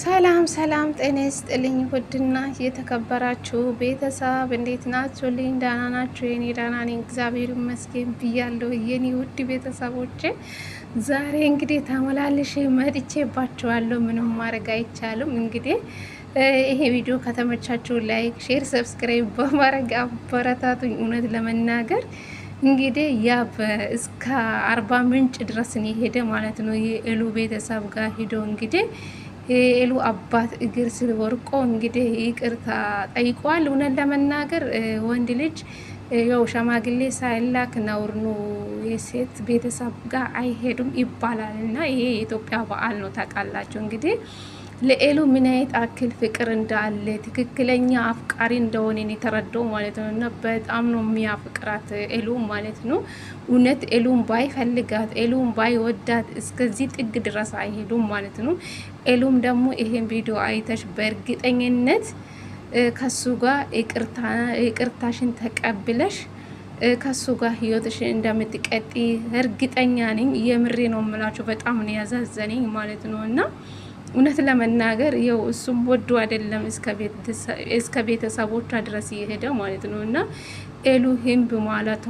ሰላም ሰላም፣ ጤና ይስጥልኝ ውድና የተከበራችሁ ቤተሰብ እንዴት ልኝ ደህና ናችሁ? የኔ ደህና ነኝ እግዚአብሔር ይመስገን ብያለሁ። የኔ ውድ ቤተሰቦቼ ዛሬ እንግዲህ ተመላልሼ መጥቼባችኋለሁ። ምንም ማድረግ አይቻልም። እንግዲህ ይሄ ቪዲዮ ከተመቻችሁ ላይክ፣ ሼር፣ ሰብስክራይብ በማድረግ አበረታቱኝ። እውነት ለመናገር እንግዲህ ያ እስከ አርባ ምንጭ ድረስ የሄደ ማለት ነው የእሉ ቤተሰብ ጋር ሂዶ እንግዲህ ኤሉ አባት እግር ስር ወርቆ እንግዲህ ይቅርታ ጠይቋል። እውነት ለመናገር ወንድ ልጅ ያው ሸማግሌ ሳይላክ ነውር ነው፣ የሴት ቤተሰብ ጋር አይሄዱም ይባላል እና ይሄ የኢትዮጵያ በዓል ነው ታውቃላችሁ እንግዲህ ለኤሉ ምን አይነት አክል ፍቅር እንዳለ ትክክለኛ አፍቃሪ እንደሆነን የተረዳው ማለት ነው። እና በጣም ነው የሚያፍቅራት ኤሉ ማለት ነው። እውነት ኤሉን ባይፈልጋት ኤሉን ባይወዳት እስከዚህ ጥግ ድረስ አይሄዱም ማለት ነው። ኤሉም ደግሞ ይሄን ቪዲዮ አይተሽ በእርግጠኝነት ከሱ ጋር ይቅርታሽን ተቀብለሽ ከሱ ጋር ህይወትሽን እንደምትቀጥ እርግጠኛ ነኝ። የምሬ ነው የምላችሁ። በጣም ነው ያዛዘነኝ ማለት ነው እና እውነት ለመናገር ይኸው እሱም ወዶ አይደለም እስከ ቤተሰቦቿ ድረስ እየሄደ ማለት ነው። እና ኤሉ ሂምብ ማለቷ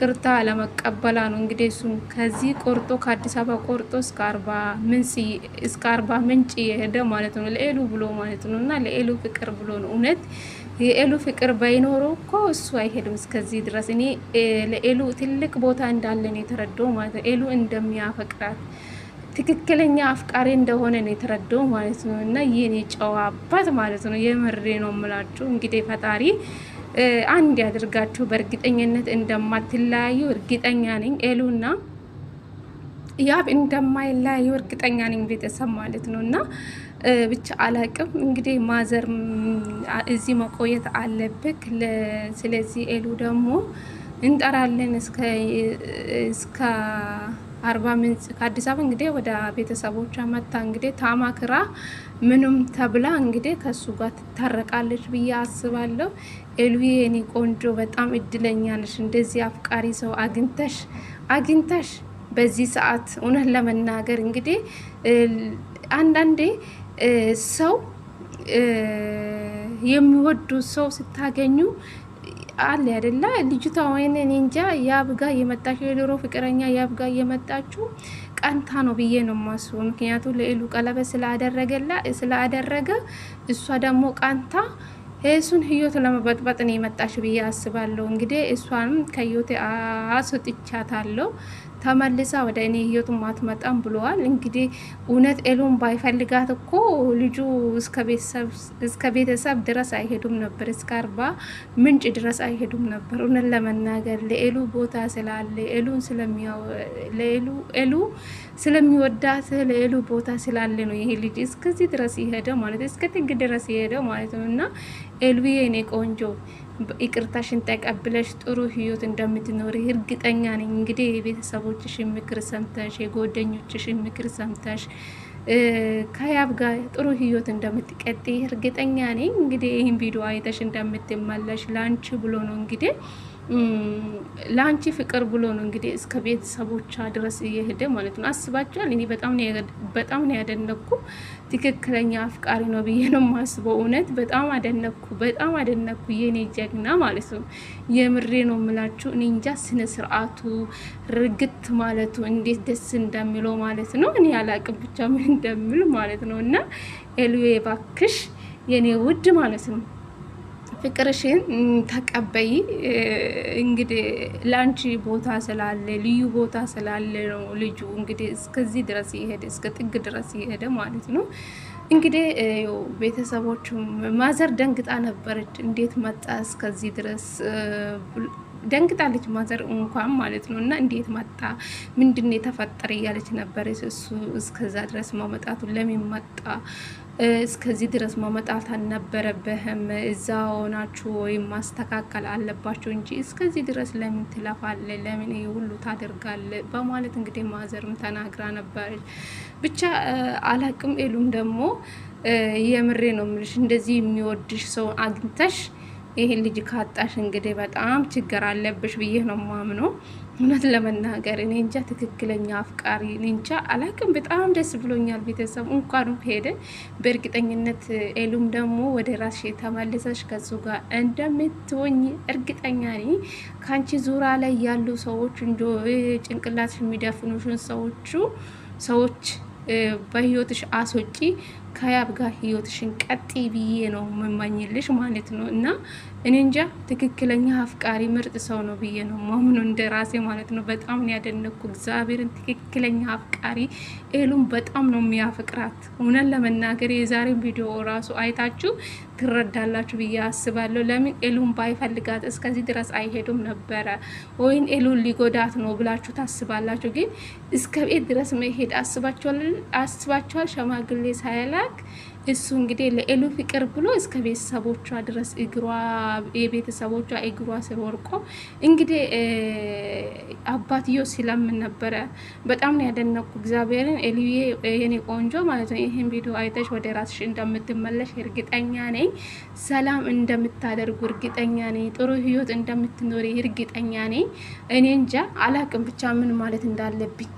ቅርታ ለመቀበላ ነው እንግዲህ እሱም ከዚህ ቆርጦ ከአዲስ አበባ ቆርጦ እስከ አርባ ምንጭ የሄደ ማለት ነው። ለኤሉ ብሎ ማለት ነው እና ለኤሉ ፍቅር ብሎ ነው እውነት የኤሉ ፍቅር ባይኖረው እኮ እሱ አይሄድም እስከዚህ ድረስ። እኔ ለኤሉ ትልቅ ቦታ እንዳለን የተረዳው ማለት ነው ኤሉ እንደሚያፈቅራት ትክክለኛ አፍቃሪ እንደሆነ ነው የተረዳው ማለት ነው። እና የኔ ጨዋ አባት ማለት ነው። የምሬ ነው የምላችሁ። እንግዲህ ፈጣሪ አንድ ያደርጋችሁ። በእርግጠኝነት እንደማትለያዩ እርግጠኛ ነኝ ኤሉና ያብ እንደማይለያዩ እርግጠኛ ነኝ። ቤተሰብ ማለት ነው እና ብቻ አላቅም እንግዲህ ማዘር እዚህ መቆየት አለብክ። ስለዚህ ኤሉ ደግሞ እንጠራለን እስከ አርባ ምንጭ ከአዲስ አበባ እንግዲህ ወደ ቤተሰቦቿ መታ እንግዲህ ታማክራ ምንም ተብላ እንግዲህ ከሱ ጋር ትታረቃለች ብዬ አስባለሁ። ኤልቪዬ የኔ ቆንጆ በጣም እድለኛ እንደዚህ አፍቃሪ ሰው አግኝተሽ አግኝተሽ በዚህ ሰዓት እውነት ለመናገር እንግዲህ አንዳንዴ ሰው የሚወዱ ሰው ስታገኙ አለ አይደለ? ልጅቷ ወይኔ እኔ እንጃ ያብጋ የመጣችሁ የድሮ ፍቅረኛ ያብጋ የመጣችሁ ቀንታ ነው ብዬ ነው ማስቡ። ምክንያቱ ለኢሉ ቀለበት ስላደረገላ ስላደረገ እሷ ደግሞ ቀንታ እሱን ህይወት ለመበጥበጥ ነው የመጣችሁ ብዬ አስባለሁ። እንግዲህ እሷንም ከህይወት አስወጥቻታለሁ። ተመልሳ ወደ እኔ ህይወት ማትመጣም ብለዋል። እንግዲህ እውነት ኤሎን ባይፈልጋት እኮ ልጁ እስከ ቤተሰብ ድረስ አይሄዱም ነበር፣ እስከ አርባ ምንጭ ድረስ አይሄዱም ነበር። እውነት ለመናገር ለኤሉ ቦታ ስላለ ኤሉ ስለሚወዳት ለኤሉ ቦታ ስላለ ነው ይሄ ልጅ እስከዚህ ድረስ ይሄደ ማለት እስከ ጥግ ድረስ ይሄደ ማለት ነው እና ኤሉ የኔ ቆንጆ ይቅርታሽን ተቀብለሽ ጥሩ ህይወት እንደምትኖሪ እርግጠኛ ነኝ። እንግዲህ የቤተሰቦችሽ ምክር ሰምተሽ፣ የጓደኞችሽን ምክር ሰምተሽ ከያብ ጋር ጥሩ ህይወት እንደምትቀጥ እርግጠኛ ነኝ። እንግዲህ ይህን ቪዲዮ አይተሽ እንደምትመለሽ ላንቺ ብሎ ነው እንግዲህ ለአንቺ ፍቅር ብሎ ነው እንግዲህ እስከ ቤተሰቦቿ ድረስ እየሄደ ማለት ነው። አስባችኋል? እኔ በጣም ነው ያደነኩ። ትክክለኛ አፍቃሪ ነው ብዬ ነው የማስበው። እውነት በጣም አደነኩ፣ በጣም አደነኩ። የኔ ጀግና ማለት ነው። የምሬ ነው የምላችሁ። እኔ እንጃ ስነ ስርዓቱ ርግት ማለቱ እንዴት ደስ እንደሚለው ማለት ነው። እኔ አላቅም ብቻ ምን እንደሚል ማለት ነው። እና ኤልዌ ባክሽ የኔ ውድ ማለት ነው ፍቅርሽን ተቀበይ። እንግዲህ ለአንቺ ቦታ ስላለ ልዩ ቦታ ስላለ ነው ልጁ እንግዲህ እስከዚህ ድረስ ይሄደ እስከ ጥግ ድረስ ይሄደ ማለት ነው። እንግዲህ ቤተሰቦቹም ማዘር ደንግጣ ነበረች። እንዴት መጣ እስከዚህ ድረስ ደንግጣለች ማዘር እንኳን ማለት ነው። እና እንዴት መጣ ምንድን የተፈጠረ እያለች ነበር። እሱ እስከዛ ድረስ ማመጣቱ ለምን መጣ እስከዚህ ድረስ ማመጣት አልነበረብህም። እዛ ሆናችሁ ወይም ማስተካከል አለባችሁ እንጂ እስከዚህ ድረስ ለምን ትለፋለ? ለምን ይህ ሁሉ ታደርጋለ? በማለት እንግዲህ ማዘርም ተናግራ ነበረች። ብቻ አላቅም። ኤሉም ደግሞ የምሬ ነው ምልሽ እንደዚህ የሚወድሽ ሰው አግኝተሽ ይሄን ልጅ ካጣሽ እንግዲህ በጣም ችግር አለብሽ ብዬ ነው ማምኖ። እውነት ለመናገር እኔ እንጃ ትክክለኛ አፍቃሪ እኔ እንጃ አላቅም። በጣም ደስ ብሎኛል። ቤተሰብ እንኳን ሄደ። በእርግጠኝነት ኤሉም ደግሞ ወደ ራስሽ የተመለሰች ከሱ ጋር እንደምትወኝ እርግጠኛ ነኝ። ከአንቺ ዙራ ላይ ያሉ ሰዎች እንጆ ጭንቅላት የሚደፍኑሽን ሰዎቹ ሰዎች በህይወትሽ አስወጪ ከያብ ጋር ህይወትሽን ቀጥ ብዬ ነው የምመኝልሽ ማለት ነው። እና እኔ እንጃ ትክክለኛ አፍቃሪ ምርጥ ሰው ነው ብዬ ነው ማምኑ እንደ ራሴ ማለት ነው። በጣም ነው ያደነኩ እግዚአብሔርን። ትክክለኛ አፍቃሪ ኤሉም በጣም ነው የሚያፍቅራት። እውነን ለመናገር የዛሬን ቪዲዮ ራሱ አይታችሁ ትረዳላችሁ ብዬ አስባለሁ። ለምን ኤሉን ባይፈልጋት እስከዚህ ድረስ አይሄዱም ነበረ፣ ወይም ኤሉን ሊጎዳት ነው ብላችሁ ታስባላችሁ። ግን እስከ ቤት ድረስ መሄድ አስባችኋል። ሸማግሌ ሳይላል ሲላክ እሱ እንግዲህ ለኤሉ ፍቅር ብሎ እስከ ቤተሰቦቿ ድረስ እግሯ የቤተሰቦቿ እግሯ ስር ወርቆ እንግዲህ አባትዮ ሲለምን ነበረ። በጣም ነው ያደነቁ እግዚአብሔርን። ኤልዬ የኔ ቆንጆ ማለት ነው ይህን ቪዲዮ አይተሽ ወደ ራስሽ እንደምትመለሽ እርግጠኛ ነኝ። ሰላም እንደምታደርጉ እርግጠኛ ነኝ። ጥሩ ህይወት እንደምትኖሪ እርግጠኛ ነኝ። እኔ እንጃ አላቅም ብቻ ምን ማለት እንዳለብኝ